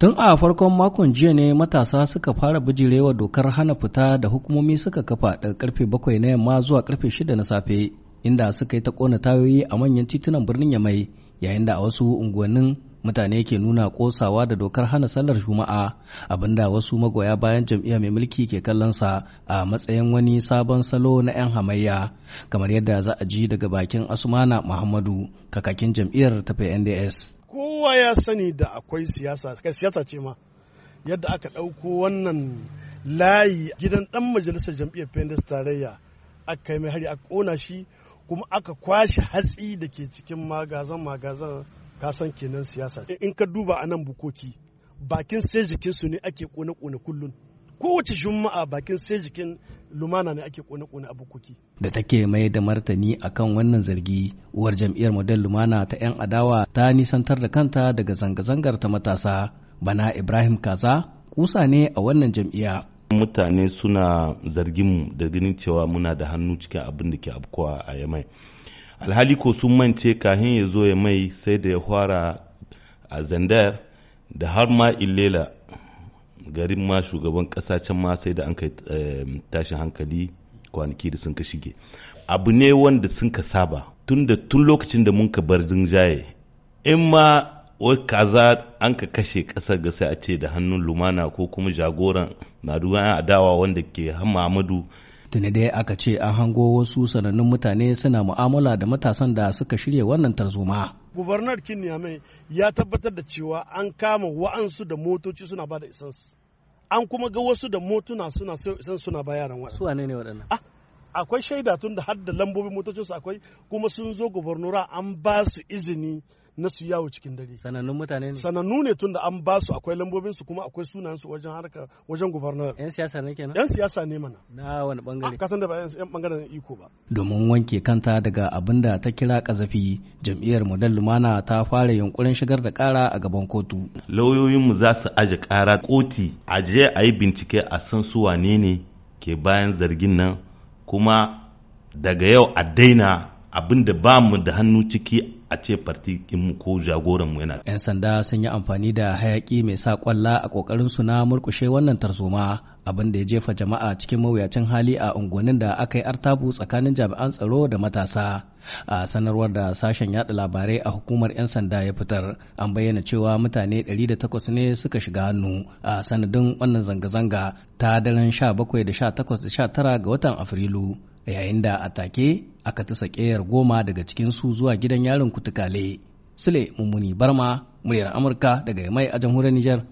Tun a farkon makon jiya ne matasa suka fara bijirewa dokar hana fita da hukumomi suka kafa daga karfe bakwai na yamma zuwa karfe shida na safe, inda suka yi ta kona tayoyi a manyan titunan birnin Yamai, yayin da a wasu unguwannin mutane ke nuna kosawa da dokar hana sallar juma'a abinda wasu magoya bayan jam'iyya mai mulki ke kallonsa a matsayin wani sabon salo na 'yan hamayya kamar yadda za a ji daga bakin asumana muhammadu kakakin jam'iyyar ta NDS. kowa ya sani da akwai siyasa kai siyasa ce ma yadda aka ɗauko wannan layi gidan ɗan majalisar jam'iyyar pendes tarayya aka yi mai hari a ƙona shi kuma aka kwashe hatsi da ke cikin magazan magazan ka san kenan siyasa in ka duba a nan bukoki bakin sai jikin su ne ake kone kone kullun kowace juma'a bakin sai jikin lumana ne ake kone kone a bukoki da take mai da martani akan wannan zargi uwar jam'iyyar model lumana ta yan adawa ta nisantar da kanta daga zanga-zangar ta matasa bana ibrahim kaza kusa ne a wannan jam'iyya mutane suna zargin mu da ganin cewa muna da hannu cikin abin da ke afkuwa a yamai alhali ko sun mance kahin ya zo ya mai sai da ya fara a zandar da har ma illela garin ma shugaban ƙasa can ma sai da an kai ehm, tashin hankali kwanaki da sun ka shige abu ne wanda sun ka saba tun da tun lokacin da mun ka bar zinjaye in ma wai kaza an ka kashe ƙasar ga sai a ce da hannun lumana ko kuma jagoran na duwan adawa wanda ke hamamadu tuni dai aka ce an hango wasu sanannun mutane suna mu'amala da matasan da suka shirya wannan tarzoma. gubernar kinyamai ya tabbatar da cewa an kama wa'ansu da motoci suna ba da isansu an kuma ga wasu da motuna suna isan suna ba yaran waɗannan. su ne waɗannan ah, akwai shaida tun da hadda lambobin motocinsu akwai kuma sun zo gubernura an ba su izini na su yawo cikin dare sanannun mutane ne sanannu ne tun da an ba su akwai lambobin su kuma akwai sunan su wajen harka wajen gubernura yan siyasa ne kenan yan siyasa ne mana na wani bangare ka san da ba yan bangaren iko ba domin wanke kanta daga abinda ta kira kazafi jam'iyyar model lumana ta fara yunkurin shigar da kara a gaban kotu lauyoyin mu za su aje kara koti aje a yi bincike a san su wane ne ke bayan zargin nan kuma daga yau a daina abin da ba mu da hannu ciki a ce partikin ko jagoran yana. 'Yan sanda sun yi amfani da hayaki mai sa kwalla a kokarin su na murkushe wannan tarzoma abin da ya jefa jama'a cikin mawuyacin hali a unguwannin da aka yi artabu tsakanin jami'an tsaro da matasa. A sanarwar da sashen yada labarai a hukumar 'yan sanda ya fitar an bayyana cewa mutane 108 ne suka shiga hannu a sanadin wannan zanga-zanga ta daren 17 da 18 19 ga watan Afrilu. yayin da a take aka tasa ƙeyar goma daga cikin su zuwa gidan yarin kutukale. Sule Mummuni Barma, muryar Amurka daga mai a jamhuriyar Nijar.